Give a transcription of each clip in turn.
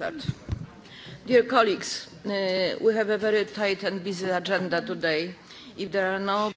start. Dear colleagues, uh, we have a very tight and busy agenda today. If there are no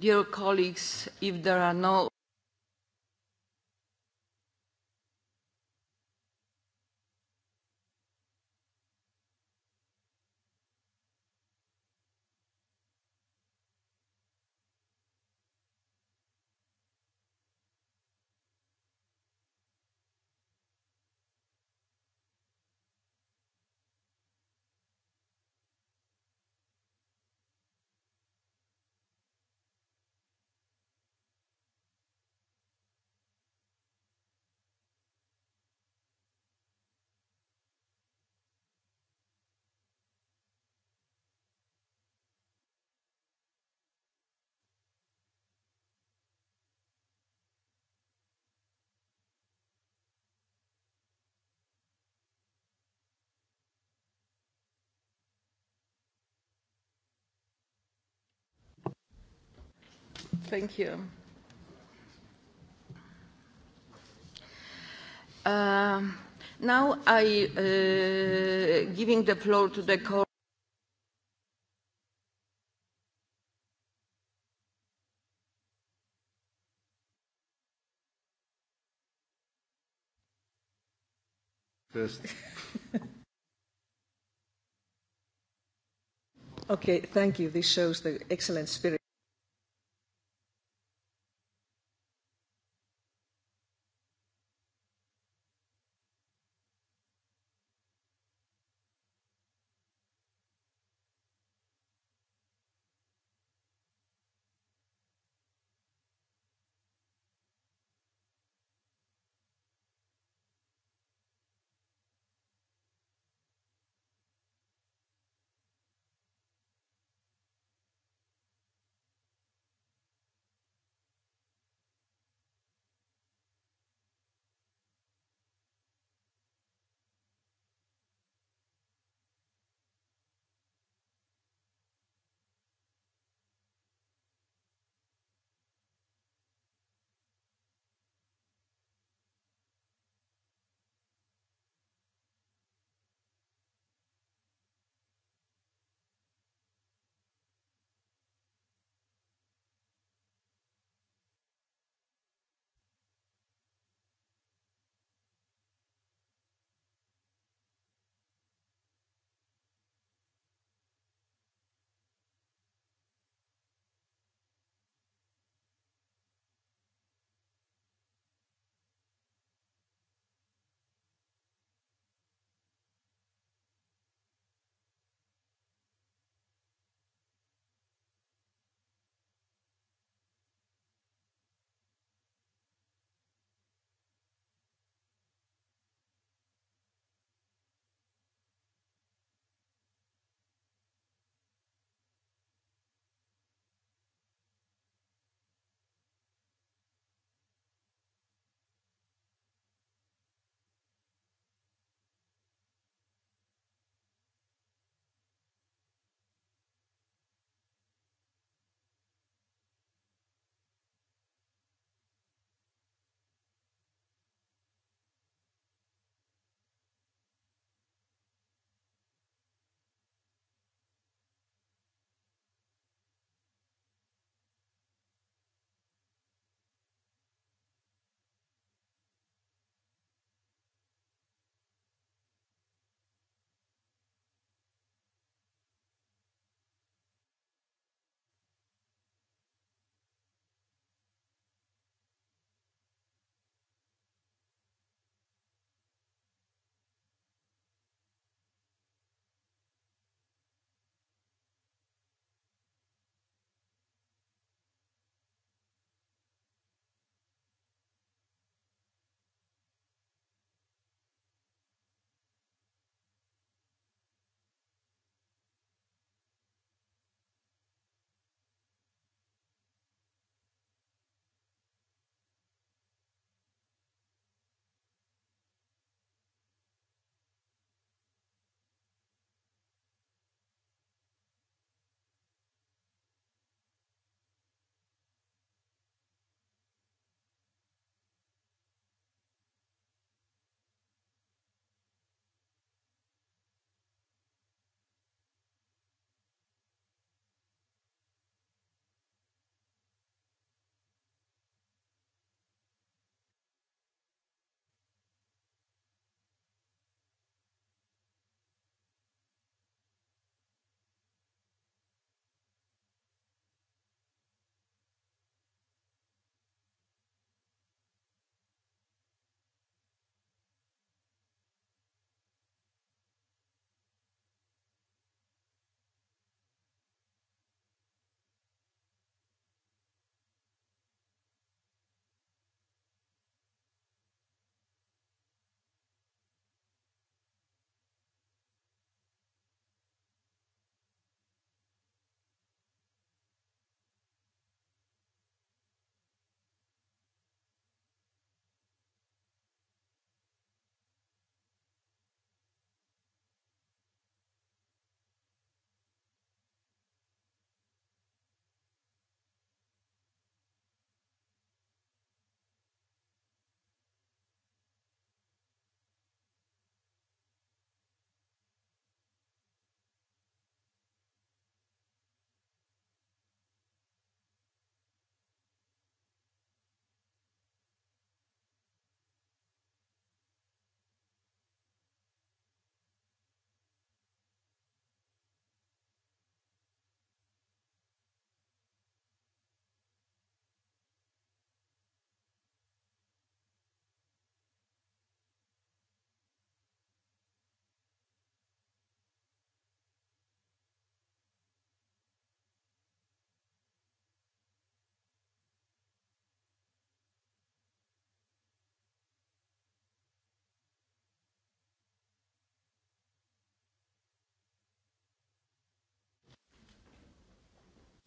Dear colleagues, if there are no Thank you. Uh, now I uh, giving the floor to the co- first. okay, thank you. This shows the excellent spirit.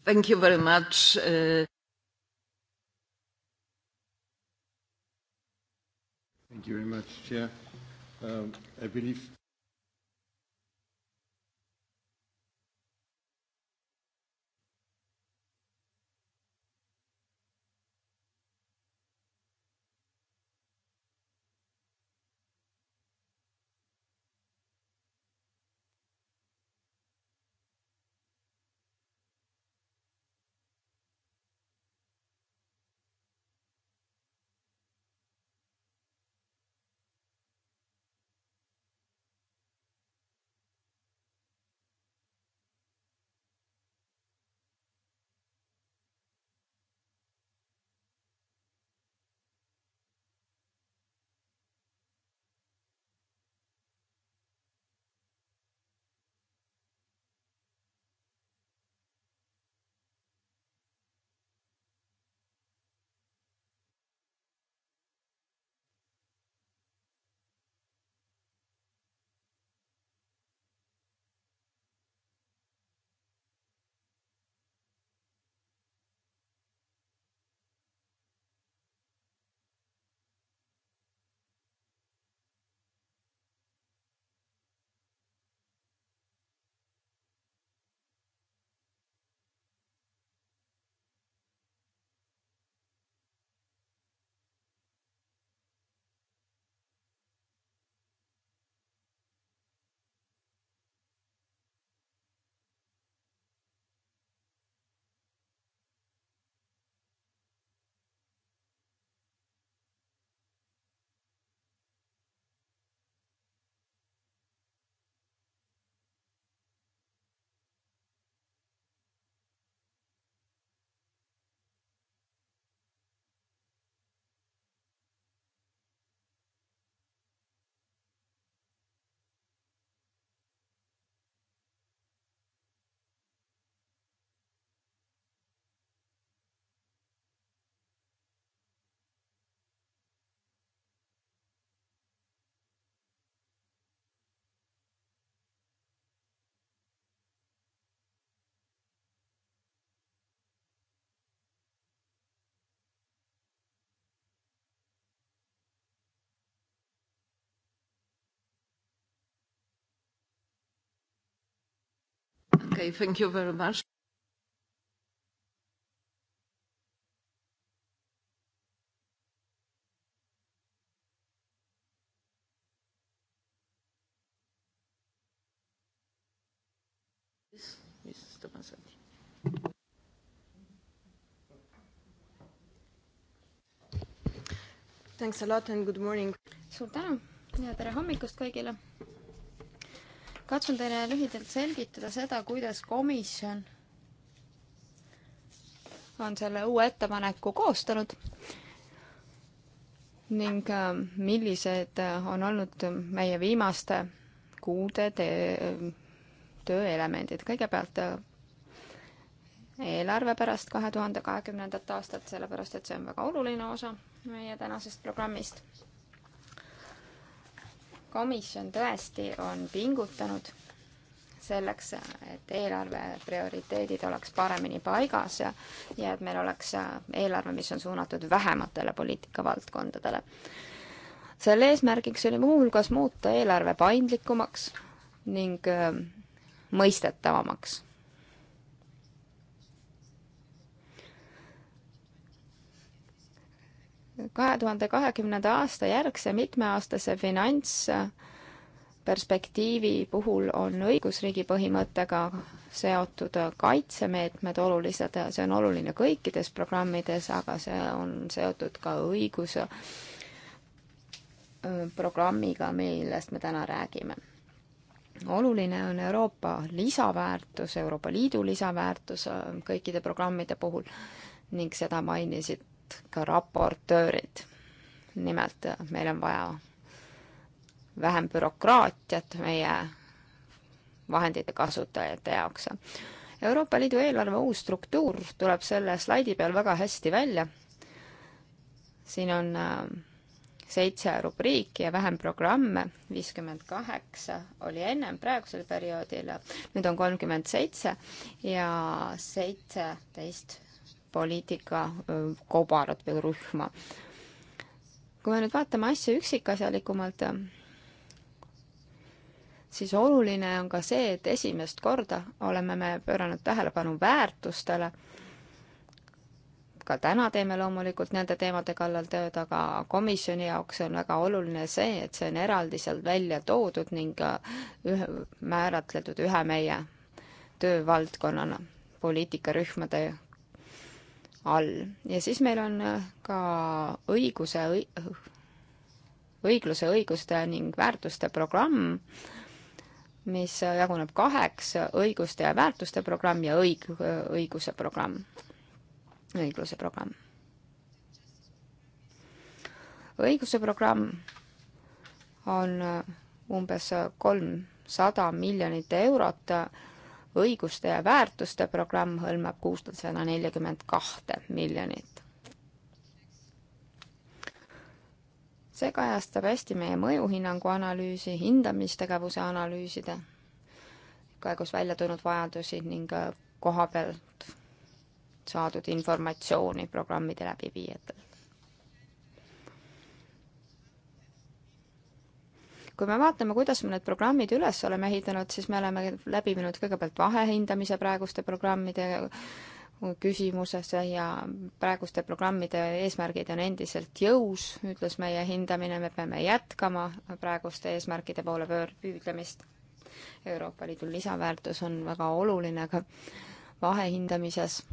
Thank you very much uh.... Thank you very much, Chair. Um, I believe Okay, thank you very much. Mrs. Tomasetti. Thanks a lot and good morning. suur tänu ja tere hommikust kõigile katsun teile lühidalt selgitada seda, kuidas komisjon on selle uue ettepaneku koostanud ning ähm, millised äh, on olnud meie viimaste kuude tööelemendid. kõigepealt äh, eelarve pärast kahe tuhande kahekümnendat aastat, sellepärast et see on väga oluline osa meie tänasest programmist komisjon tõesti on pingutanud selleks, et eelarve prioriteedid oleks paremini paigas ja, ja et meil oleks eelarve, mis on suunatud vähematele poliitikavaldkondadele. selle eesmärgiks oli muuhulgas muuta eelarve paindlikumaks ning äh, mõistetavamaks kahe tuhande kahekümnenda aasta järgse mitmeaastase finantsperspektiivi puhul on õigusriigi põhimõttega seotud kaitsemeetmed olulised, see on oluline kõikides programmides, aga see on seotud ka õiguse äh, programmiga, millest me täna räägime. oluline on Euroopa lisaväärtus, Euroopa Liidu lisaväärtus äh, kõikide programmide puhul ning seda mainisid ka raportöörid. nimelt äh, meil on vaja vähem bürokraatiat meie vahendite kasutajate jaoks. Euroopa Liidu eelarve uus struktuur tuleb selle slaidi peal väga hästi välja. siin on äh, seitse rubriiki ja vähem programme, viiskümmend kaheksa oli ennem praegusel perioodil, nüüd on kolmkümmend seitse ja seitseteist poliitika kobarat või rühma. kui me nüüd vaatame asja üksikasjalikumalt, siis oluline on ka see, et esimest korda oleme me pööranud tähelepanu väärtustele, ka täna teeme loomulikult nende teemade kallal tööd, aga komisjoni jaoks on väga oluline see, et see on eraldi seal välja toodud ning ühe, määratletud ühe meie töövaldkonnana poliitikarühmade all. ja siis meil on äh, ka õiguse, õigluse, õiguste ning väärtuste programm, mis äh, jaguneb kaheks, õiguste ja väärtuste programm ja õig-, õiguse programm, õigluse programm. õiguse programm on äh, umbes kolmsada miljonit eurot õiguste ja väärtuste programm hõlmab kuussada nelikümmend kahte miljonit. see kajastab hästi meie mõjuhinnangu analüüsi, hindamistegevuse analüüside käigus välja tulnud vajadusi ning äh, koha pealt saadud informatsiooni programmide läbiviijatelt. kui me vaatame, kuidas me need programmid üles oleme ehitanud, siis me oleme läbi viinud kõigepealt vahehindamise praeguste programmide küsimuses ja praeguste programmide eesmärgid on endiselt jõus, ütles meie hindamine, me peame jätkama praeguste eesmärkide poole pöör-, püüdlemist. Euroopa Liidu lisaväärtus on väga oluline ka vahehindamises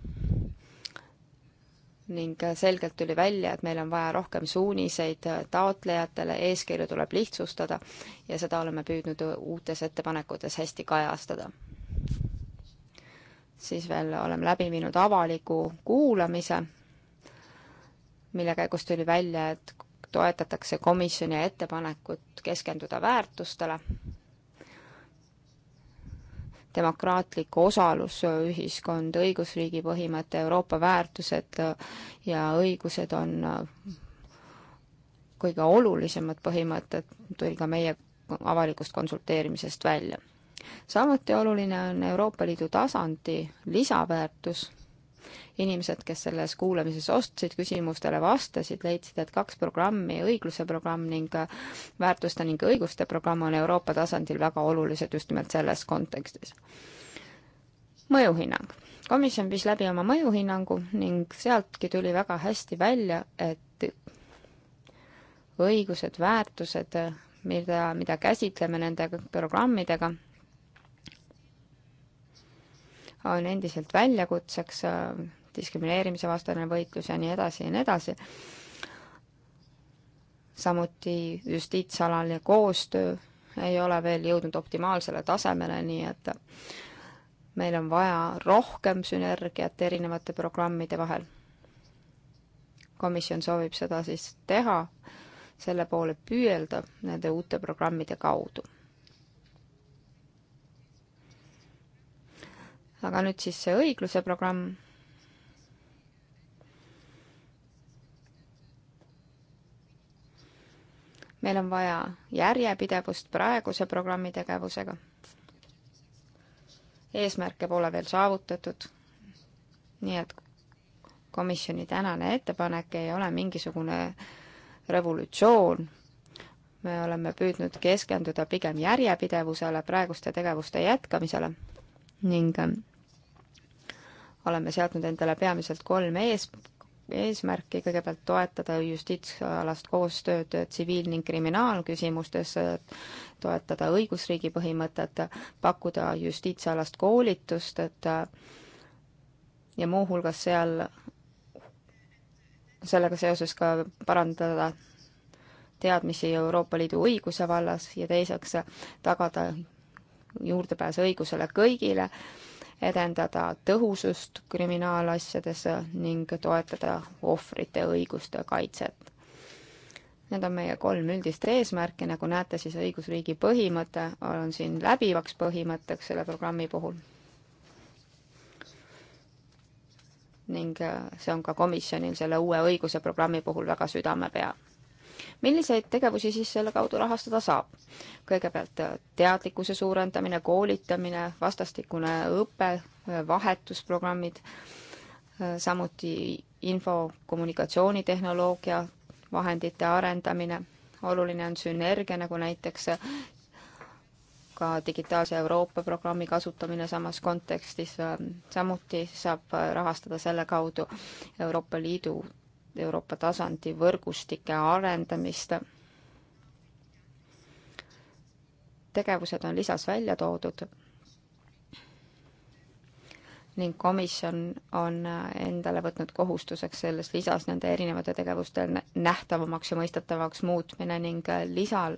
ning selgelt tuli välja, et meil on vaja rohkem suuniseid taotlejatele, eeskirju tuleb lihtsustada ja seda oleme püüdnud uutes ettepanekutes hästi kajastada. siis veel oleme läbi viinud avaliku kuulamise, mille käigus tuli välja, et toetatakse komisjoni ettepanekut keskenduda väärtustele demokraatlik osalus, ühiskond, õigusriigi põhimõte, Euroopa väärtused äh, ja õigused on äh, kõige olulisemad põhimõtted, tuli ka meie avalikust konsulteerimisest välja. samuti oluline on Euroopa Liidu tasandi lisaväärtus inimesed, kes selles kuulamises ostsid, küsimustele vastasid, leidsid, et kaks programmi, õigluse programm ning äh, väärtuste ning õiguste programm on Euroopa tasandil väga olulised just nimelt selles kontekstis. mõjuhinnang. komisjon viis läbi oma mõjuhinnangu ning sealtki tuli väga hästi välja, et õigused, väärtused, mida, mida käsitleme nende programmidega on endiselt väljakutseks, äh, diskrimineerimise vastane võitlus ja nii edasi ja nii edasi. samuti justiitsalaline koostöö ei ole veel jõudnud optimaalsele tasemele, nii et meil on vaja rohkem sünergiat erinevate programmide vahel. komisjon soovib seda siis teha, selle poole püüelda nende uute programmide kaudu aga nüüd siis see õigluse programm. meil on vaja järjepidevust praeguse programmi tegevusega. eesmärke pole veel saavutatud. nii et komisjoni tänane ettepanek ei ole mingisugune revolutsioon. me oleme püüdnud keskenduda pigem järjepidevusele, praeguste tegevuste jätkamisele ning äh, oleme seadnud endale peamiselt kolm ees, eesmärki, kõigepealt toetada justiitsalast koostööd tsiviil- ning kriminaalküsimustes, toetada õigusriigi põhimõtet, pakkuda justiitsalast koolitust, et ja muuhulgas seal, sellega seoses ka parandada teadmisi Euroopa Liidu õiguse vallas ja teiseks tagada juurdepääsu õigusele kõigile, edendada tõhusust kriminaalasjades ning toetada ohvrite õiguste kaitset. Need on meie kolm üldist eesmärki, nagu näete, siis õigusriigi põhimõte on siin läbivaks põhimõtteks selle programmi puhul. ning äh, see on ka komisjonil selle uue õiguse programmi puhul väga südame peal milliseid tegevusi siis selle kaudu rahastada saab? kõigepealt äh, teadlikkuse suurendamine, koolitamine, vastastikune õpe, äh, vahetusprogrammid, äh, samuti info, kommunikatsioonitehnoloogia vahendite arendamine, oluline on sünergia, nagu näiteks ka digitaalse Euroopa programmi kasutamine samas kontekstis, samuti saab rahastada selle kaudu Euroopa Liidu Euroopa tasandi võrgustike arendamist. tegevused on lisas välja toodud ning komisjon on endale võtnud kohustuseks selles lisas nende erinevate tegevuste nähtavamaks ja mõistetavaks muutmine ning lisal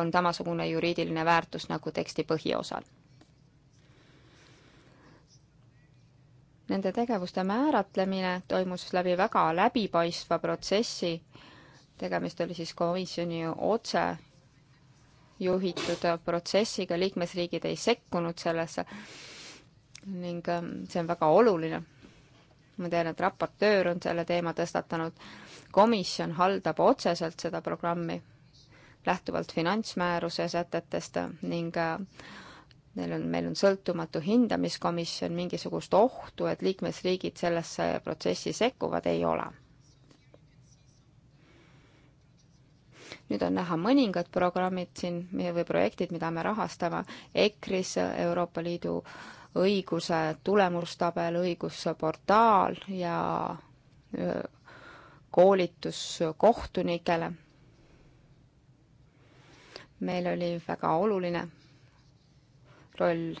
on samasugune juriidiline väärtus nagu teksti põhiosal Nende tegevuste määratlemine toimus läbi väga läbipaistva protsessi. tegemist oli siis komisjoni otse juhitud protsessiga, liikmesriigid ei sekkunud sellesse ning ähm, see on väga oluline. ma tean, et raportöör on selle teema tõstatanud, komisjon haldab otseselt seda programmi lähtuvalt finantsmääruse sätetest ning äh, neil on, meil on sõltumatu hindamiskomisjon, mingisugust ohtu, et liikmesriigid sellesse protsessi sekkuvad, ei ole. nüüd on näha mõningad programmid siin või projektid, mida me rahastame EKRIS, Euroopa Liidu õiguse tulemustabel, õigusportaal ja koolitus kohtunikele. meil oli väga oluline roll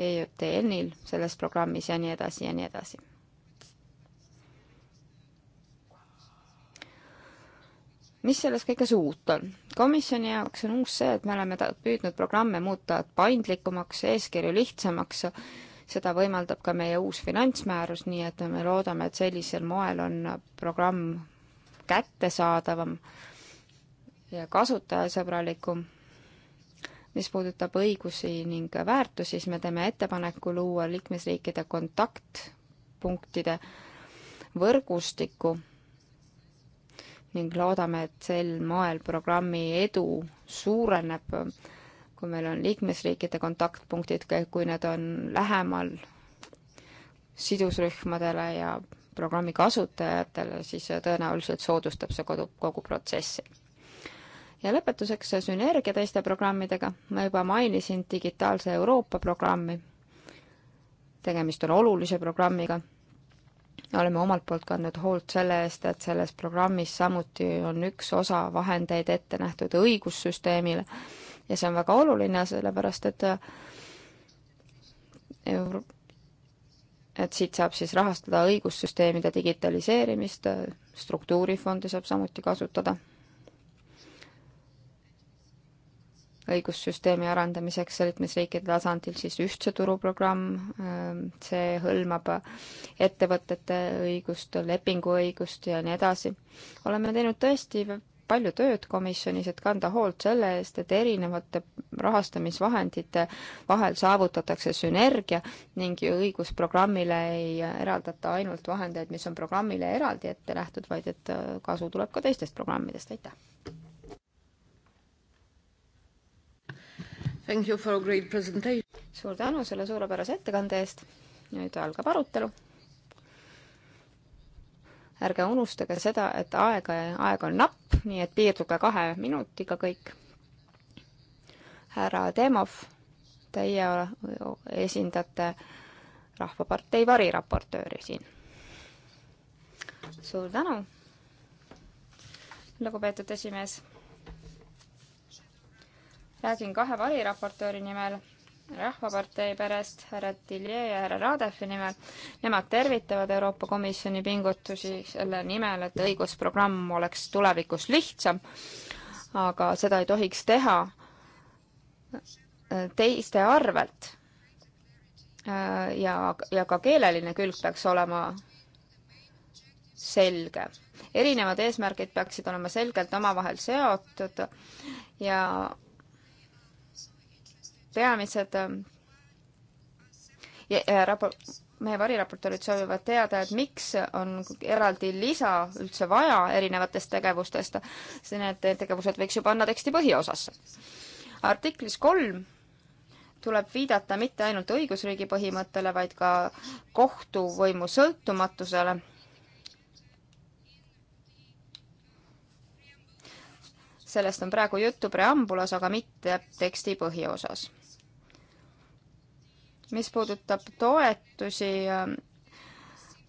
EJTN-il selles programmis ja nii edasi ja nii edasi. mis selles kõiges uut on? komisjoni jaoks on uus see, et me oleme püüdnud programme muuta paindlikumaks, eeskirju lihtsamaks, seda võimaldab ka meie uus finantsmäärus, nii et me loodame, et sellisel moel on programm kättesaadavam ja kasutajasõbralikum mis puudutab õigusi ning väärtusi, siis me teeme ettepaneku luua liikmesriikide kontaktpunktide võrgustikku ning loodame, et sel moel programmi edu suureneb, kui meil on liikmesriikide kontaktpunktid, kui need on lähemal sidusrühmadele ja programmi kasutajatele, siis tõenäoliselt soodustab see kodu, kogu protsessi ja lõpetuseks sünergia teiste programmidega. ma juba mainisin Digitaalse Euroopa programmi. tegemist on olulise programmiga. oleme omalt poolt kandnud hoolt selle eest, et selles programmis samuti on üks osa vahendeid ette nähtud õigussüsteemile ja see on väga oluline, sellepärast et euro-, et siit saab siis rahastada õigussüsteemide digitaliseerimist, struktuurifondi saab samuti kasutada õigussüsteemi arendamiseks liikmesriikide tasandil, siis ühtse turuprogramm, ähm, see hõlmab ettevõtete õigust, lepinguõigust ja nii edasi. oleme teinud tõesti palju tööd komisjonis, et kanda hoolt selle eest, et erinevate rahastamisvahendite vahel saavutatakse sünergia ning õigusprogrammile ei eraldata ainult vahendeid, mis on programmile eraldi ette nähtud, vaid et kasu tuleb ka teistest programmidest, aitäh! suur tänu selle suurepärase ettekande eest. nüüd algab arutelu. ärge unustage seda, et aega, aeg on napp, nii et piirduge kahe minutiga kõik. härra Demov, teie esindate Rahvapartei variraportööri siin. suur tänu, lugupeetud esimees räägin kahe variraportööri nimel Rahvapartei perest, härra Tilje ja härra Raadefi nimel. Nemad tervitavad Euroopa Komisjoni pingutusi selle nimel, et õigusprogramm oleks tulevikus lihtsam, aga seda ei tohiks teha äh, teiste arvelt. Äh, ja, ja ka keeleline külg peaks olema selge. erinevad eesmärgid peaksid olema selgelt omavahel seotud ja peamised ähm, ja, ja rapo-, meie variraportorid soovivad teada, et miks on eraldi lisa üldse vaja erinevatest tegevustest, sest need tegevused võiks ju panna teksti põhiosasse. artiklis kolm tuleb viidata mitte ainult õigusriigi põhimõttele, vaid ka kohtuvõimu sõltumatusele sellest on praegu juttu preambulas, aga mitte teksti põhiosas mis puudutab toetusi ähm,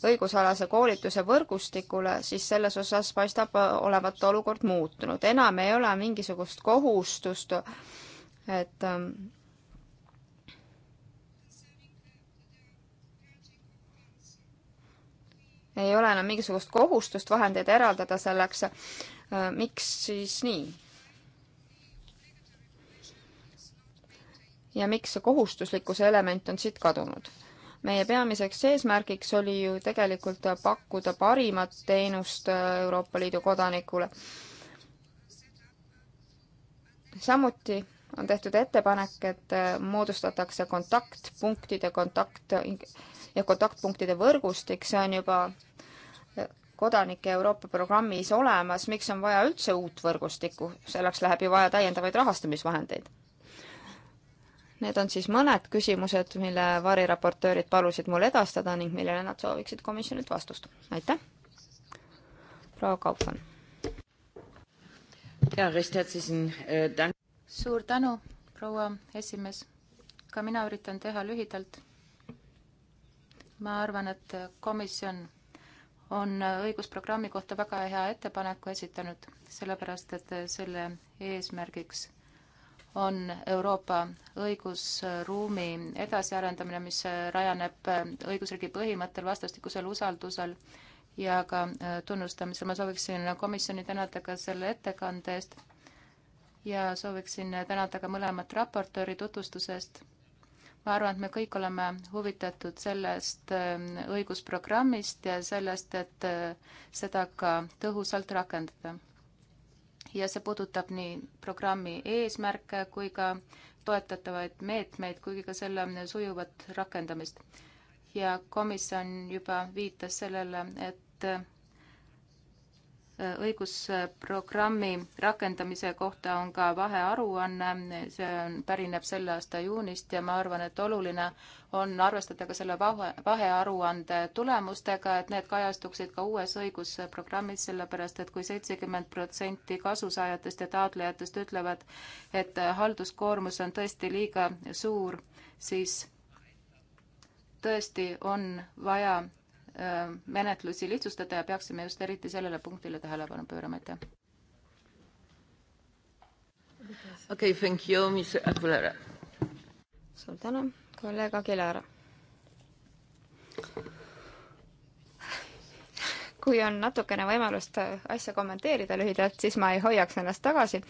õigusalase koolituse võrgustikule, siis selles osas paistab äh, olevat olukord muutunud. enam ei ole mingisugust kohustust, et ähm, ei ole enam mingisugust kohustust vahendeid eraldada selleks. Äh, miks siis nii? ja miks see kohustuslikkuse element on siit kadunud. meie peamiseks eesmärgiks oli ju tegelikult pakkuda parimat teenust äh, Euroopa Liidu kodanikule. samuti on tehtud ettepanek, et äh, moodustatakse kontaktpunktide kontakt ja kontaktpunktide võrgustik, see on juba äh, kodanike Euroopa programmis olemas, miks on vaja üldse uut võrgustikku, selleks läheb ju vaja täiendavaid rahastamisvahendeid Need on siis mõned küsimused, mille variraportöörid palusid mul edastada ning millele nad sooviksid komisjonilt vastust. aitäh! proua Kaupan. Äh, suur tänu, proua esimees. ka mina üritan teha lühidalt. ma arvan, et komisjon on õigusprogrammi kohta väga hea ettepaneku esitanud, sellepärast et selle eesmärgiks on Euroopa õigusruumi edasiarendamine, mis rajaneb õigusriigi põhimõttel, vastastikusel usaldusel ja ka äh, tunnustamisel. ma sooviksin komisjoni tänada ka selle ettekande eest ja sooviksin tänada ka mõlemat raportööri tutvustuse eest. ma arvan, et me kõik oleme huvitatud sellest äh, õigusprogrammist ja sellest, et äh, seda ka tõhusalt rakendada ja see puudutab nii programmi eesmärke kui ka toetatavaid meetmeid kui ka selle sujuvat rakendamist. ja komisjon juba viitas sellele, et õigusprogrammi rakendamise kohta on ka vahearuanne, see on, pärineb selle aasta juunist ja ma arvan, et oluline on arvestada ka selle vahe, vahearuande tulemustega, et need kajastuksid ka uues õigusprogrammis, sellepärast et kui seitsekümmend protsenti kasusaajatest ja taotlejatest ütlevad, et halduskoormus on tõesti liiga suur, siis tõesti on vaja Äh, menetlusi lihtsustada ja peaksime just eriti sellele punktile tähelepanu pöörama, aitäh. okei okay,, thank you, mis Aguilera. suur tänu, kolleeg Aguilera. kui on natukene võimalust asja kommenteerida lühidalt, siis ma ei hoiaks ennast tagasi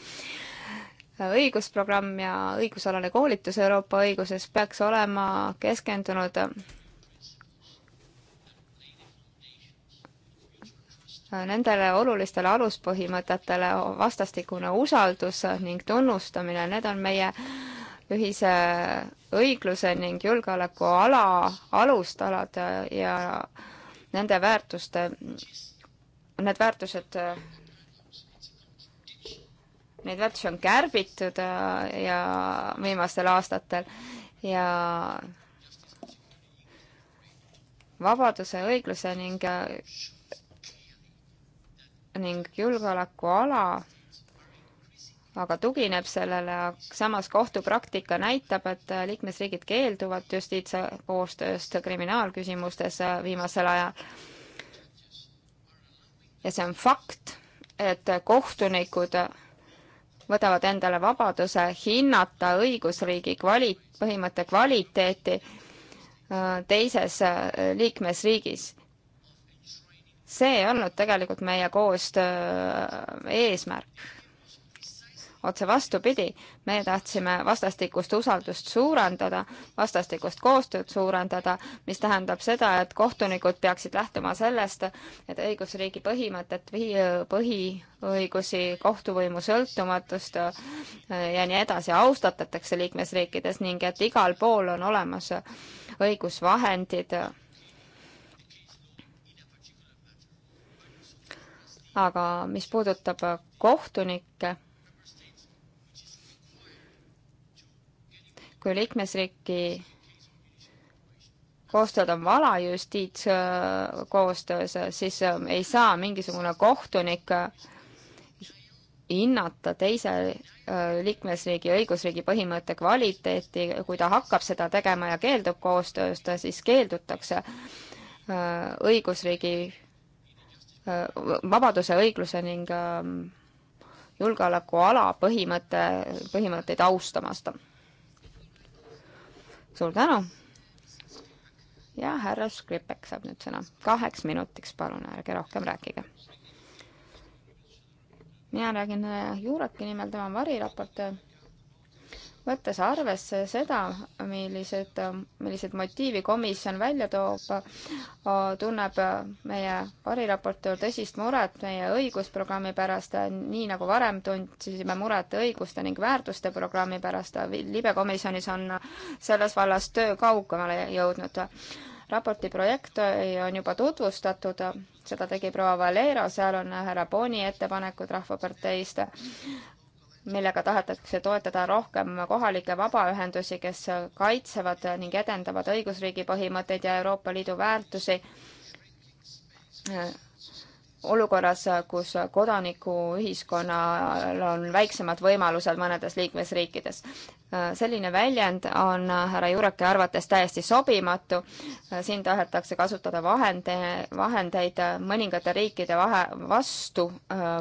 õigusprogramm ja õigusalane koolitus Euroopa õiguses peaks olema keskendunud nendele olulistele aluspõhimõtetele vastastikune usaldus ning tunnustamine, need on meie ühise õigluse ning julgeoleku ala, alustalad ja nende väärtuste, need väärtused, neid väärtusi on kärbitud äh, ja viimastel aastatel ja vabaduse, õigluse ning äh, ning julgeolekuala aga tugineb sellele, samas kohtupraktika näitab, et liikmesriigid keelduvad justiitskoostööst kriminaalküsimustes viimasel ajal. ja see on fakt, et kohtunikud võtavad endale vabaduse hinnata õigusriigi kvali-, põhimõtte kvaliteeti äh, teises äh, liikmesriigis see ei olnud tegelikult meie koostöö äh, eesmärk. otse vastupidi, me tahtsime vastastikust usaldust suurendada, vastastikust koostööd suurendada, mis tähendab seda, et kohtunikud peaksid lähtuma sellest, et õigusriigi põhimõtet, põhiõigusi, kohtuvõimu sõltumatust äh, ja nii edasi austatakse liikmesriikides ning et igal pool on olemas õigusvahendid aga mis puudutab äh, kohtunikke, kui liikmesriiki koostööd on vala justiitskoostöös, äh, äh, siis ei saa mingisugune kohtunik hinnata teise liikmesriigi õigusriigi põhimõtte kvaliteeti, kui ta hakkab seda tegema ja keeldub koostööst, siis keeldutakse õigusriigi Äh, vabaduse, õigluse ning ähm, julgeolekuala põhimõte, põhimõtteid austamast. suur tänu! ja härra Skripek saab nüüd sõna. kaheks minutiks, palun, ärge rohkem rääkige. mina räägin äh, Juureki nimel, tema on variraportöör võttes arvesse seda, millised, millised motiivi komisjon välja toob, tunneb meie variraportöör tõsist muret meie õigusprogrammi pärast, nii nagu varem tundsime muret õiguste ning väärtuste programmi pärast. libekomisjonis on selles vallas töö kaugemale jõudnud. raporti projekt on juba tutvustatud, seda tegi proua Valero, seal on härra Boni ettepanekud Rahvaparteist millega tahetakse toetada rohkem kohalikke vabaühendusi, kes kaitsevad ning edendavad õigusriigi põhimõtteid ja Euroopa Liidu väärtusi olukorras, kus kodanikuühiskonnal on väiksemad võimalused mõnedes liikmesriikides. selline väljend on härra Jureki arvates täiesti sobimatu, siin tahetakse kasutada vahende, vahendeid mõningate riikide vahe, vastu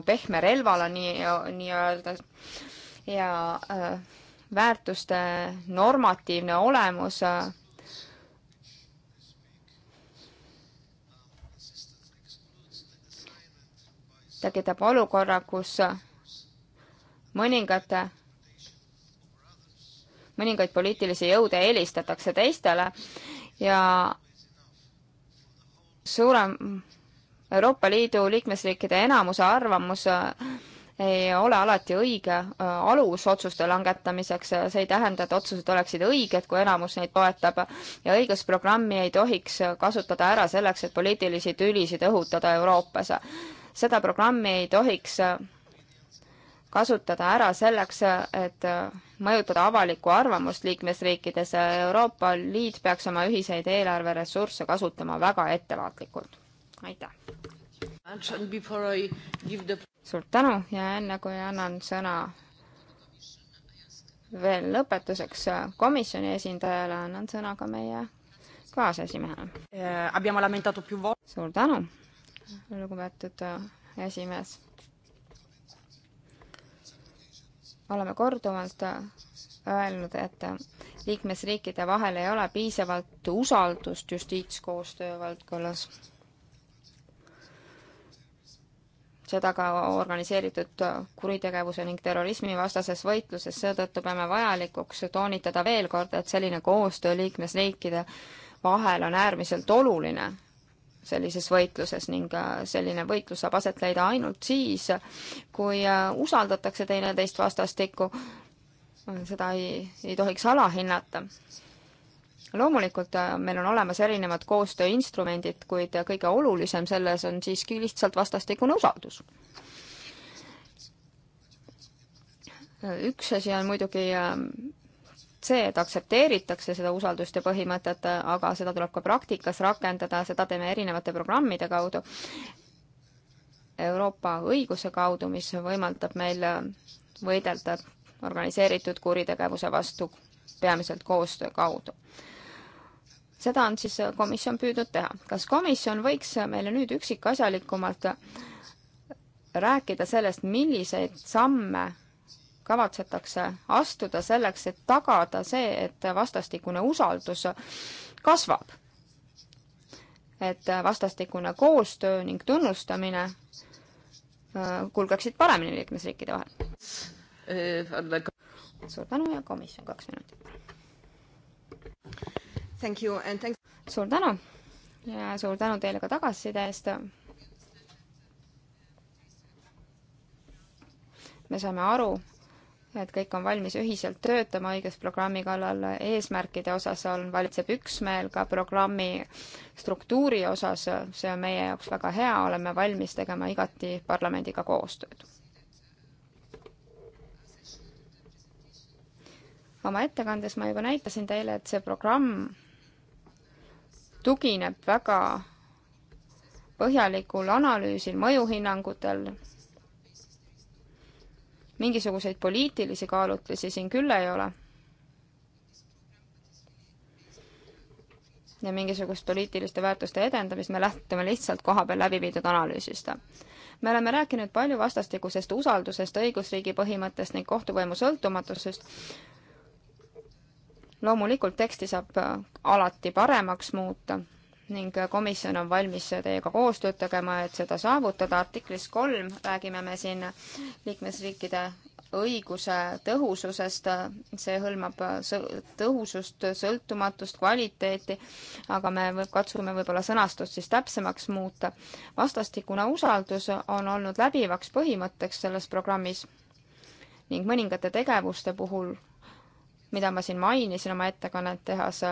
pehme relvana nii, nii-öelda ja äh, väärtuste normatiivne olemus äh, tekitab olukorra, kus mõningate, mõningaid poliitilisi jõude eelistatakse teistele ja suurem Euroopa Liidu liikmesriikide enamuse arvamus ei ole alati õige äh, alus otsuste langetamiseks, see ei tähenda, et otsused oleksid õiged, kui enamus neid toetab, ja õigusprogrammi ei tohiks kasutada ära selleks, et poliitilisi tülisid õhutada Euroopas seda programmi ei tohiks äh, kasutada ära selleks, äh, et äh, mõjutada avalikku arvamust liikmesriikides. Euroopa Liit peaks oma ühiseid eelarveressursse kasutama väga ettevaatlikult. aitäh! suur tänu ja enne kui annan sõna veel lõpetuseks komisjoni esindajale, annan sõna ka meie kaasesimehele. Eh, suur tänu! lugupeetud äh, esimees. oleme korduvalt äh, öelnud, et äh, liikmesriikide vahel ei ole piisavalt usaldust justiitskoostöö valdkonnas. seda ka organiseeritud kuritegevuse ning terrorismi vastases võitluses, seetõttu peame vajalikuks toonitada veel kord, et selline koostöö liikmesriikide vahel on äärmiselt oluline sellises võitluses ning äh, selline võitlus saab aset leida ainult siis, kui äh, usaldatakse teineteist vastastikku. seda ei, ei tohiks alahinnata. loomulikult äh, meil on olemas erinevad koostööinstrumendid, kuid kõige olulisem selles on siiski lihtsalt vastastikune usaldus. üks asi on muidugi ähm, see, et aktsepteeritakse seda usaldust ja põhimõtet, aga seda tuleb ka praktikas rakendada, seda teeme erinevate programmide kaudu, Euroopa õiguse kaudu, mis võimaldab meil võidelda organiseeritud kuritegevuse vastu peamiselt koostöö kaudu. seda on siis komisjon püüdnud teha. kas komisjon võiks meile nüüd üksikasjalikumalt rääkida sellest, milliseid samme kavatsetakse astuda selleks, et tagada see, et vastastikune usaldus kasvab. et vastastikune koostöö ning tunnustamine äh, kulgeksid paremini liikmesriikide vahel. suur tänu ja komisjon kaks minutit. suur tänu ja suur tänu teile ka tagasiside eest me saame aru, et kõik on valmis ühiselt töötama õigusprogrammi kallal, eesmärkide osas on, valitseb üksmeel ka programmi struktuuri osas, see on meie jaoks väga hea, oleme valmis tegema igati parlamendiga koostööd. oma ettekandes ma juba näitasin teile, et see programm tugineb väga põhjalikul analüüsil, mõjuhinnangutel mingisuguseid poliitilisi kaalutlusi siin küll ei ole. ja mingisugust poliitiliste väärtuste edendamist me lähtume lihtsalt kohapeal läbi viidud analüüsist. me oleme rääkinud palju vastastikusest usaldusest, õigusriigi põhimõttest ning kohtuvõimu sõltumatusest. loomulikult teksti saab alati paremaks muuta ning komisjon on valmis teiega koostööd tegema, et seda saavutada. artiklis kolm räägime me siin liikmesriikide õiguse tõhususest, see hõlmab tõhusust, sõltumatust, kvaliteeti, aga me võib, katsume võib-olla sõnastust siis täpsemaks muuta. vastastikune usaldus on olnud läbivaks põhimõtteks selles programmis ning mõningate tegevuste puhul, mida ma siin mainisin oma ettekannet tehas,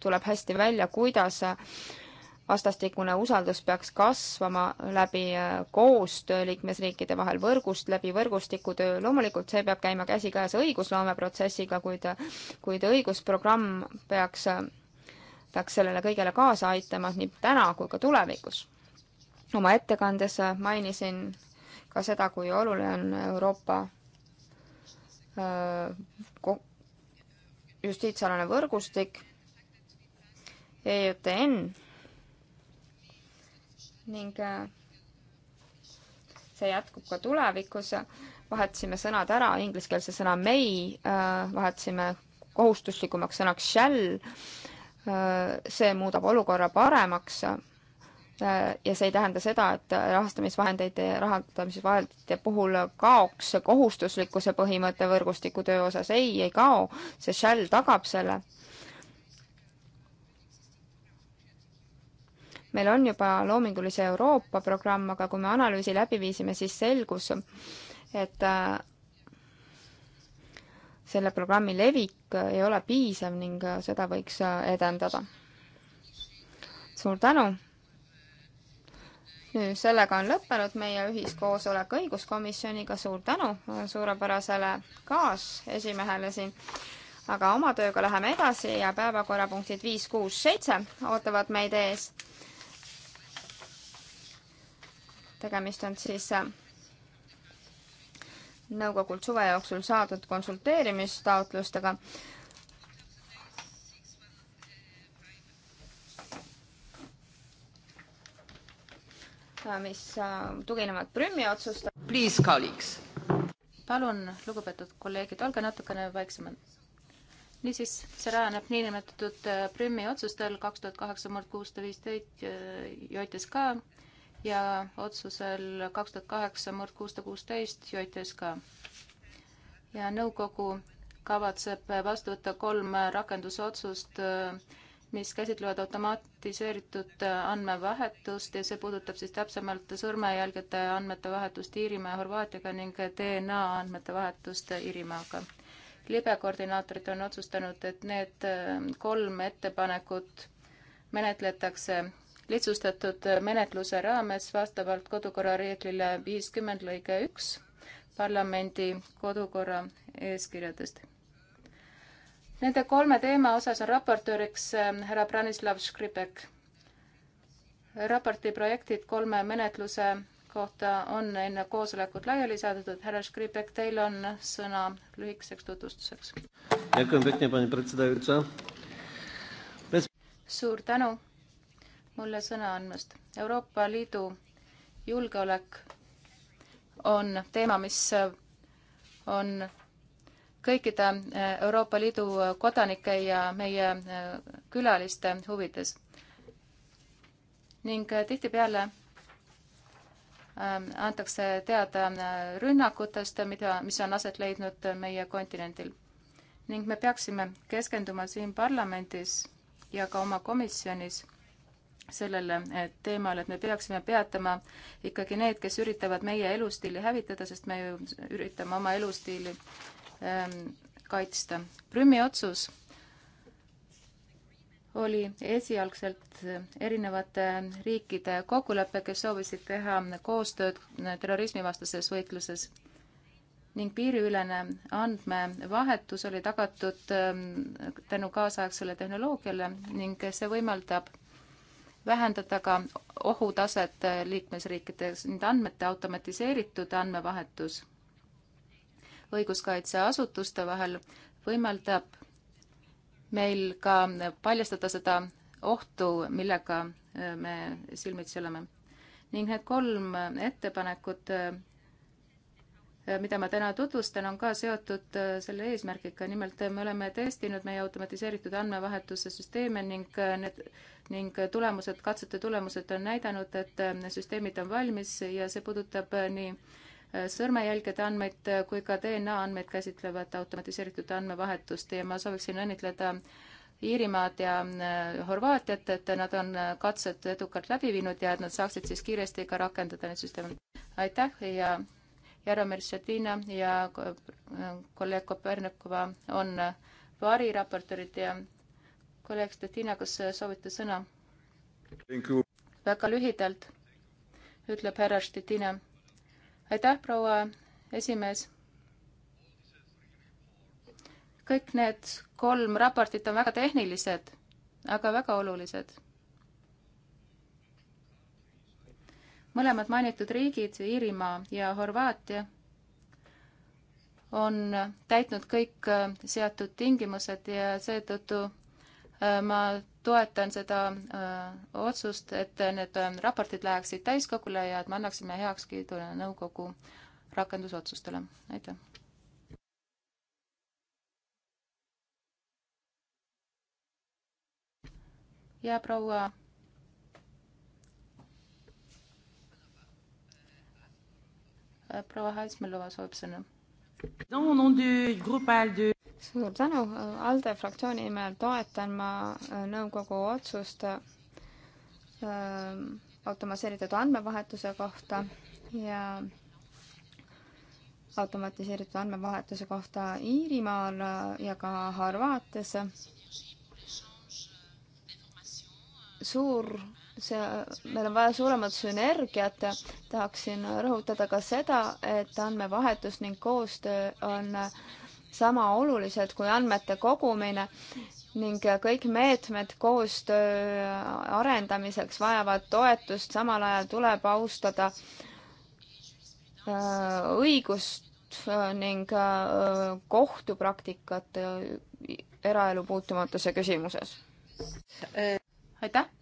tuleb hästi välja, kuidas vastastikune usaldus peaks kasvama läbi äh, koostöö liikmesriikide vahel võrgust, läbi võrgustikutöö. loomulikult see peab käima käsikäes õigusloomeprotsessiga, kuid, kuid õigusprogramm peaks, peaks sellele kõigele kaasa aitama nii täna kui ka tulevikus. oma ettekandes mainisin ka seda, kui oluline on Euroopa öö, äh, justiitsalane võrgustik EJTN ning äh, see jätkub ka tulevikus. vahetasime sõnad ära, ingliskeelse sõna may, äh, vahetasime kohustuslikumaks sõnaks shall. Äh, see muudab olukorra paremaks. ja see ei tähenda seda, et rahastamisvahendeid, rahastamisvahendite puhul kaoks kohustuslikkuse põhimõte võrgustiku töö osas. ei, ei kao, see shall tagab selle meil on juba Loomingulise Euroopa programm, aga kui me analüüsi läbi viisime, siis selgus, et äh, selle programmi levik ei ole piisav ning äh, seda võiks äh, edendada. suur tänu! nüüd sellega on lõppenud meie ühiskoosolek õiguskomisjoniga, suur tänu suurepärasele kaasesimehele siin, aga oma tööga läheme edasi ja päevakorrapunktid viis, kuus, seitse ootavad meid ees tegemist on siis äh, nõukogult suve jooksul saadud konsulteerimistaotlustega. Äh, mis äh, tuginevad Prümi otsustele. Please, colleagues. palun, lugupeetud kolleegid, olge natukene vaiksemad. niisiis, see rajaneb niinimetatud Prümi otsustel kaks tuhat kaheksa murd kuussada viisteist JTSK ja otsusel kaks tuhat kaheksa murd kuussada kuusteist JTSK. ja nõukogu kavatseb vastu võtta kolm rakendusotsust, mis käsitlevad automatiseeritud andmevahetust ja see puudutab siis täpsemalt sõrmejälgede andmete vahetust Iirimaa ja Horvaatiaga ning DNA andmete vahetust Iirimaaga. libe koordinaatorid on otsustanud, et need kolm ettepanekut menetletakse lihtsustatud menetluse raames vastavalt kodukorra reeglile viiskümmend lõige üks parlamendi kodukorra eeskirjadest. Nende kolme teema osas on raportööriks eh, härra Branislav Škripek. raporti projektid kolme menetluse kohta on enne koosolekut laiali saadetud. härra Škripek, teil on sõna lühikeseks tutvustuseks. suur tänu mulle sõna andmast. Euroopa Liidu julgeolek on teema, mis on kõikide eh, Euroopa Liidu kodanike ja meie eh, külaliste huvides. ning eh, tihtipeale antakse teada rünnakutest, mida, mis on aset leidnud meie kontinendil. ning me peaksime keskenduma siin parlamendis ja ka oma komisjonis sellele teemale, et me peaksime peatama ikkagi need, kes üritavad meie elustiili hävitada, sest me ju üritame oma elustiili ähm, kaitsta. Prümi otsus oli esialgselt erinevate riikide kokkulepe, kes soovisid teha koostööd terrorismivastases võitluses ning piiriülene andmevahetus oli tagatud ähm, tänu kaasaegsele tehnoloogiale ning see võimaldab vähendada ka ohutaset liikmesriikides, nende andmete automatiseeritud andmevahetus õiguskaitseasutuste vahel võimaldab meil ka paljastada seda ohtu, millega me silmitsi oleme. ning need kolm ettepanekut Äh, mida ma täna tutvustan, on ka seotud äh, selle eesmärgiga, nimelt äh, me oleme testinud meie automatiseeritud andmevahetuse süsteeme ning need ning tulemused, katsete tulemused on näidanud, et süsteemid on valmis ja see puudutab nii sõrmejälgede andmeid kui ka DNA andmeid käsitlevat automatiseeritud andmevahetust ja ma sooviksin õnnitleda Iirimaad ja Horvaatiat, et nad on katsed edukalt läbi viinud ja et nad saaksid siis kiiresti ka rakendada neid süsteeme. aitäh ja Jaromir Šetina ja kolleeg Kopernikova on variraportorid ja kolleeg Štetina, kas soovite sõna? väga lühidalt, ütleb härra Štetina. aitäh, proua esimees. kõik need kolm raportit on väga tehnilised, aga väga olulised mõlemad mainitud riigid, Iirimaa ja Horvaatia, on täitnud kõik äh, seatud tingimused ja seetõttu äh, ma toetan seda äh, otsust, et need raportid läheksid täiskogule ja et me annaksime heakskiidu nõukogu rakendusotsustele. aitäh. ja proua Eh, proua Haismelova soovib sõna. suur tänu, eh, ALDE fraktsiooni nimel toetan ma eh, nõukogu otsust automatiseeritud andmevahetuse kohta ja automatiseeritud andmevahetuse kohta Iirimaal ja ka Horvaatias. suur see, meil on vaja suuremat sünergiat. tahaksin rõhutada ka seda, et andmevahetus ning koostöö on sama olulised kui andmete kogumine ning kõik meetmed koostöö arendamiseks vajavad toetust, samal ajal tuleb austada äh, õigust äh, ning äh, kohtupraktikat eraelu puutumatuse küsimuses. aitäh!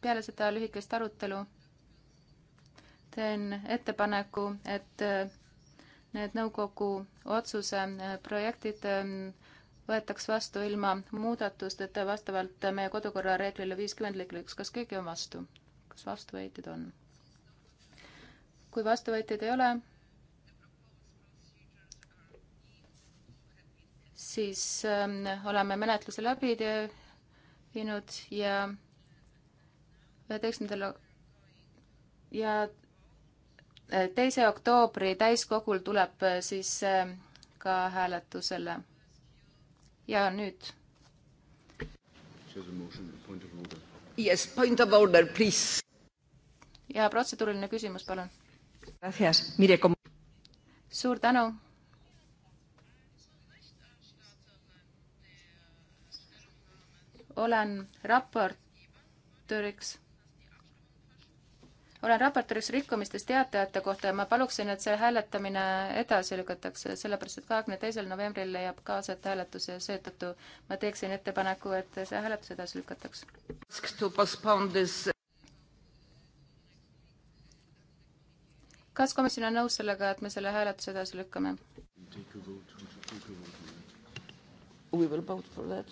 peale seda lühikest arutelu teen ettepaneku, et äh, need nõukogu otsuse äh, projektid ähm, võetaks vastu ilma muudatusteta vastavalt äh, meie kodukorra reeglile viiskümmend lõikele üks. kas keegi on vastu? kas vastuvõtjaid on? kui vastuvõtjaid ei ole, siis ähm, oleme menetluse läbi viinud ja üheteistkümnendal ja äh, teise oktoobri täiskogul tuleb äh, siis äh, ka hääletusele. ja nüüd. Yes, point of order, please. ja protseduuriline küsimus, palun. suur tänu. olen raportööriks olen raportööriks rikkumistest teatajate kohta ja ma paluksin, et see hääletamine edasi lükatakse, sellepärast et kahekümne teisel novembril leiab kaaset hääletus ja seetõttu ma teeksin ettepaneku, et see hääletus edasi lükataks. kas komisjon on nõus sellega, et me selle hääletuse edasi lükkame? We will vote for that.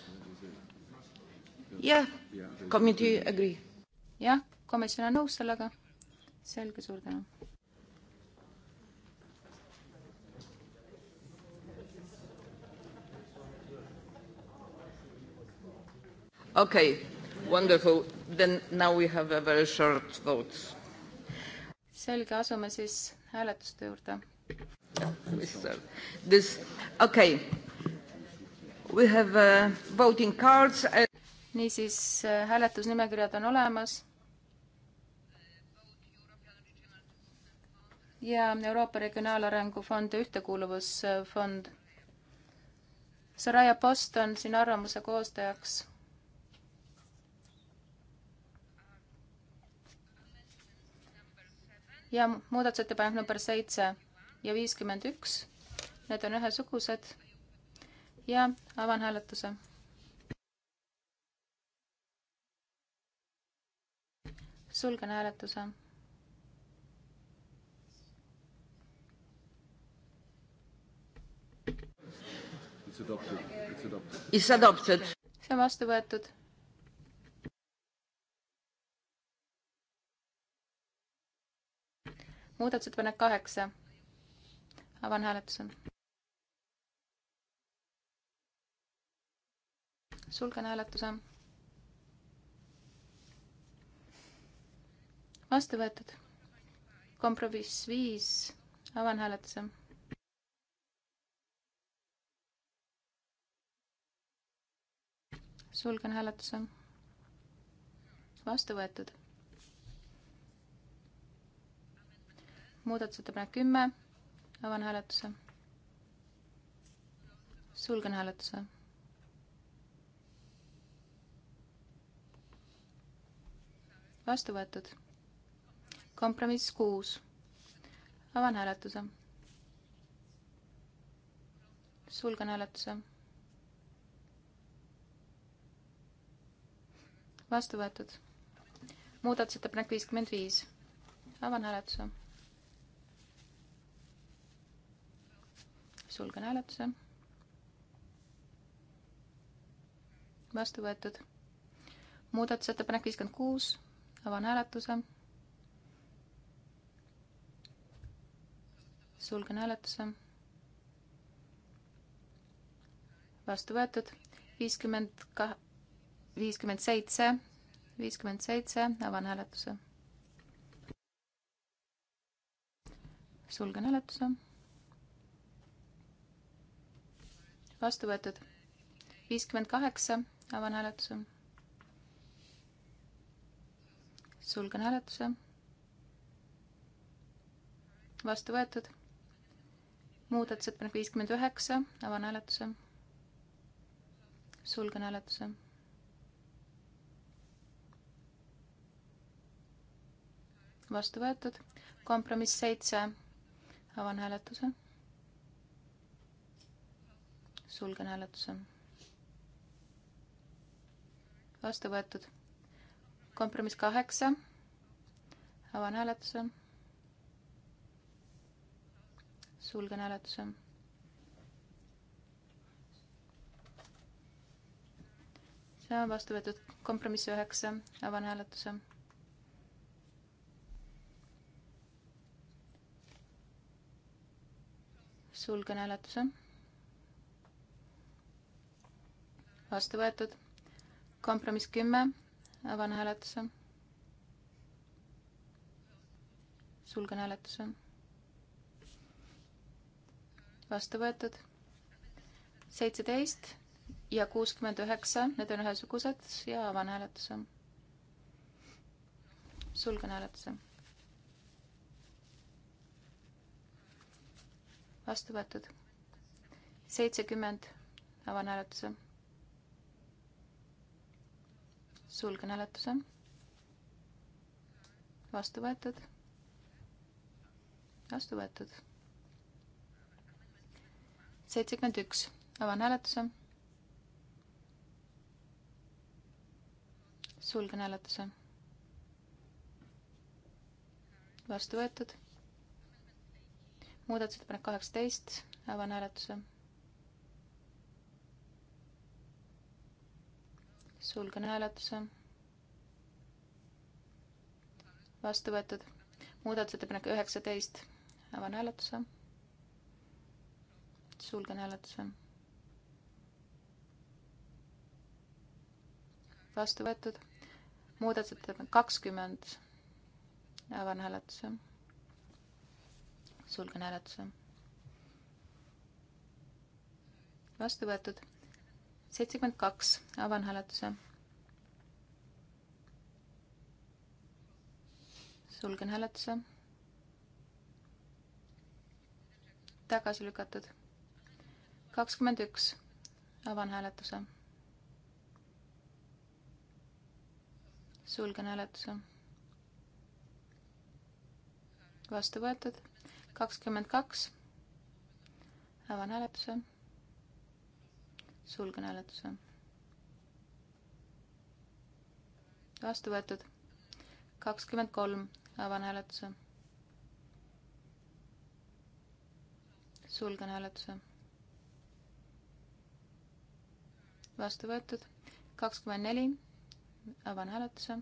jah yeah., committee agree. jah yeah,, komisjon on nõus sellega selge, suur tänu. okei okay,, wonderful, then now we have a very short vote. selge, asume siis hääletuste juurde. This, okei okay., we have uh, voting cards and.... niisiis äh, hääletusnimekirjad on olemas ja Euroopa Regionaalarengu Fond ja Ühtekuuluvusfond. Soraya Post on siin arvamuse koostajaks. ja muudatusettepanek number seitse ja viiskümmend üks, need on ühesugused ja avan hääletuse. sulgen hääletuse It's adopted. see on vastu võetud. muudatusettepanek kaheksa. avan hääletuse. sulgen hääletuse. vastu võetud. kompromiss viis. avan hääletuse sulgen hääletuse. vastu võetud. muudatusettepanek kümme, avan hääletuse. sulgen hääletuse. vastu võetud. kompromiss kuus, avan hääletuse. sulgen hääletuse vastu võetud. muudatusettepanek viiskümmend viis. avan hääletuse. sulgen hääletuse. vastu võetud. muudatusettepanek viiskümmend kuus. avan hääletuse. sulgen hääletuse. vastu võetud. viiskümmend kahe viiskümmend seitse, viiskümmend seitse, avan hääletuse. sulgen hääletuse. vastu võetud. viiskümmend kaheksa, avan hääletuse. sulgen hääletuse. vastu võetud. muudatusettepanek viiskümmend üheksa, avan hääletuse. sulgen hääletuse vastu võetud. kompromiss seitse, avan hääletuse. sulgen hääletuse. vastu võetud. kompromiss kaheksa, avan hääletuse. sulgen hääletuse. see on vastu võetud. kompromiss üheksa, avan hääletuse sulgen hääletuse. vastu võetud. kompromiss kümme, avan hääletuse. sulgen hääletuse. vastu võetud. seitseteist ja kuuskümmend üheksa, need on ühesugused ja avan hääletuse. sulgen hääletuse vastu võetud. seitsekümmend, avan hääletuse. sulgen hääletuse. vastu võetud. vastu võetud. seitsekümmend üks, avan hääletuse. sulgen hääletuse. vastu võetud muudatusettepanek kaheksateist, avan hääletuse. sulgen hääletuse. vastu võetud. muudatusettepanek üheksateist, avan hääletuse. sulgen hääletuse. vastu võetud. muudatusettepanek kakskümmend, avan hääletuse sulgen hääletuse. vastu võetud. seitsekümmend kaks, avan hääletuse. sulgen hääletuse. tagasi lükatud. kakskümmend üks, avan hääletuse. sulgen hääletuse. vastu võetud kakskümmend kaks. avan hääletuse. sulgen hääletuse. vastu võetud. kakskümmend kolm, avan hääletuse. sulgen hääletuse. vastu võetud. kakskümmend neli, avan hääletuse.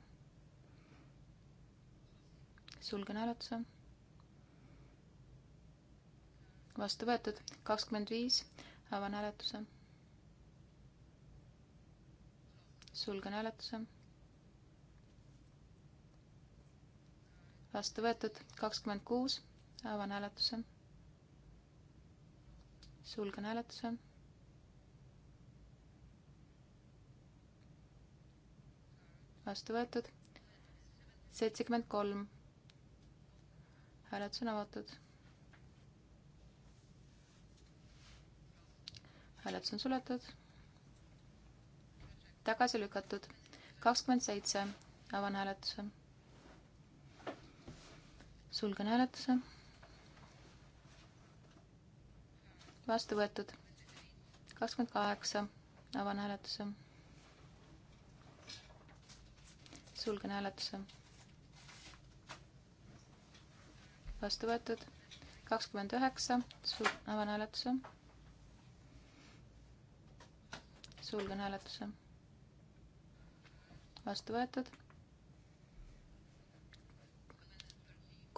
sulgen hääletuse vastu võetud. kakskümmend viis, avan hääletuse. sulgen hääletuse. vastu võetud. kakskümmend kuus, avan hääletuse. sulgen hääletuse vastu võetud. seitsekümmend kolm. hääletus on avatud hääletus on suletud. tagasi lükatud. kakskümmend seitse, avan hääletuse. sulgen hääletuse. vastu võetud. kakskümmend kaheksa, avan hääletuse. sulgen hääletuse. vastu võetud. kakskümmend üheksa, avan hääletuse sulgen hääletuse. vastu võetud.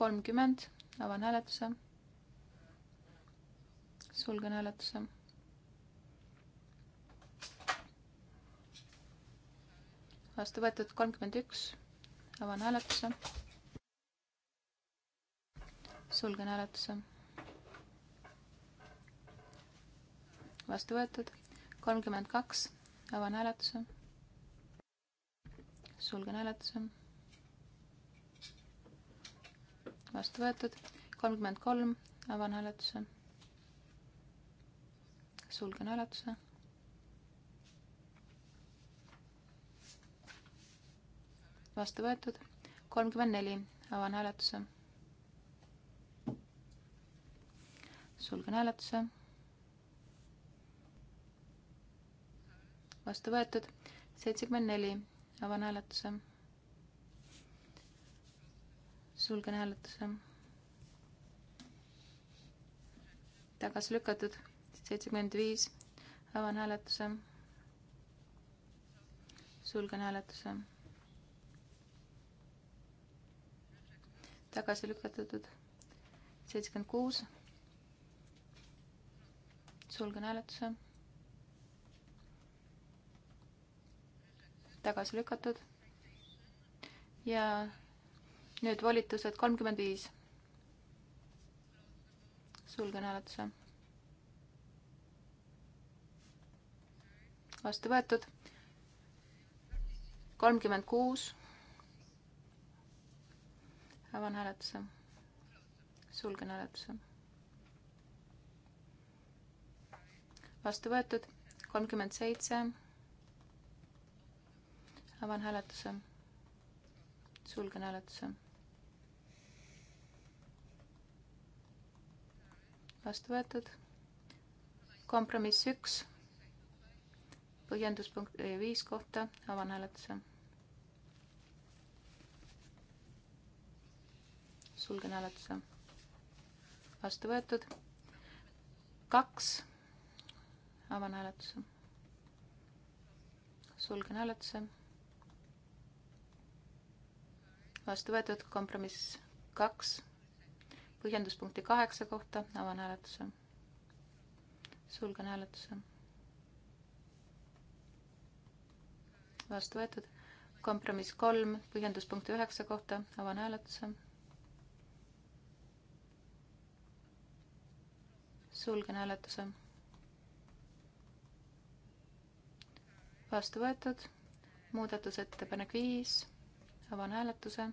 kolmkümmend, avan hääletuse. sulgen hääletuse. vastu võetud kolmkümmend üks, avan hääletuse. sulgen hääletuse. vastu võetud kolmkümmend kaks, avan hääletuse. sulgen hääletuse. vastu võetud, kolmkümmend kolm, avan hääletuse. sulgen hääletuse. vastu võetud, kolmkümmend neli, avan hääletuse. sulgen hääletuse vastu võetud, seitsekümmend neli, avan hääletuse. sulgen hääletuse. tagasi lükatud, seitsekümmend viis, avan hääletuse. sulgen hääletuse. tagasi lükatud, seitsekümmend kuus. sulgen hääletuse tagasi lükatud. ja nüüd volitused kolmkümmend viis. sulgen hääletuse. vastu võetud. kolmkümmend kuus. avan hääletuse. sulgen hääletuse. vastu võetud. kolmkümmend seitse avan hääletuse, sulgen hääletuse. vastu võetud. kompromiss üks, põhjenduspunkt viis kohta, avan hääletuse. sulgen hääletuse. vastu võetud. kaks, avan hääletuse. sulgen hääletuse vastu võetud, kompromiss kaks, põhjenduspunkti kaheksa kohta, avan hääletuse. sulgen hääletuse. vastu võetud, kompromiss kolm, põhjenduspunkti üheksa kohta, avan hääletuse. sulgen hääletuse. vastu võetud, muudatusettepanek viis avan hääletuse.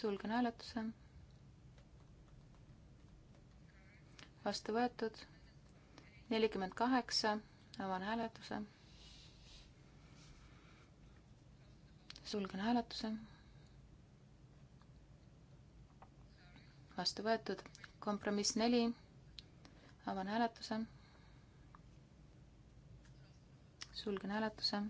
sulgen hääletuse. vastu võetud. nelikümmend kaheksa, avan hääletuse. sulgen hääletuse. vastu võetud. kompromiss neli, avan hääletuse. sulgen hääletuse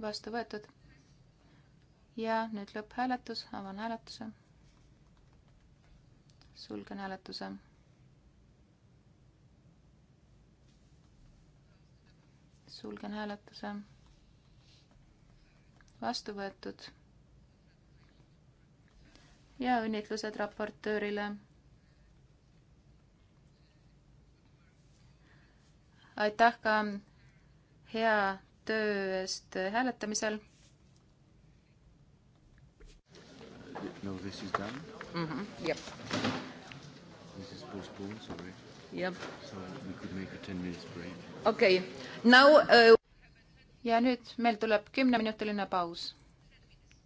vastu võetud. ja nüüd lõpphääletus, avan hääletuse. sulgen hääletuse. sulgen hääletuse. vastu võetud. ja õnnitlused raportöörile aitäh ka hea töö eest hääletamisel. No this is done mm. -hmm. Yep. This is postponed, sorry. Yep. So we could make a ten minutes break. Okei okay., now uh.... ja nüüd meil tuleb kümneminutiline paus.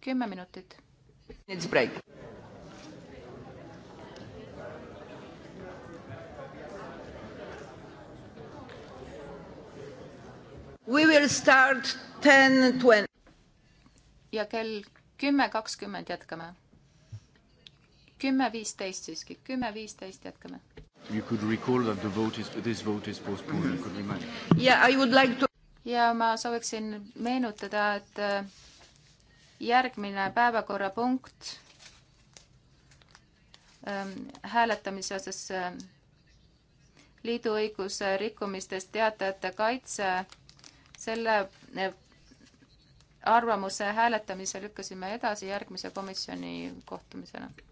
kümme minutit. Minutes break. We will start ten twenty. ja kell kümme kakskümmend jätkame. kümme viisteist siiski, kümme viisteist jätkame. You could recall that the vote is, this vote is postponed, you could remind. Yeah, I would like to. ja ma sooviksin meenutada, et äh, järgmine päevakorrapunkt ähm, hääletamise osas ähm, liiduõiguse rikkumistest teatajate kaitse selle eh, arvamuse hääletamise lükkasime edasi järgmise komisjoni kohtumisena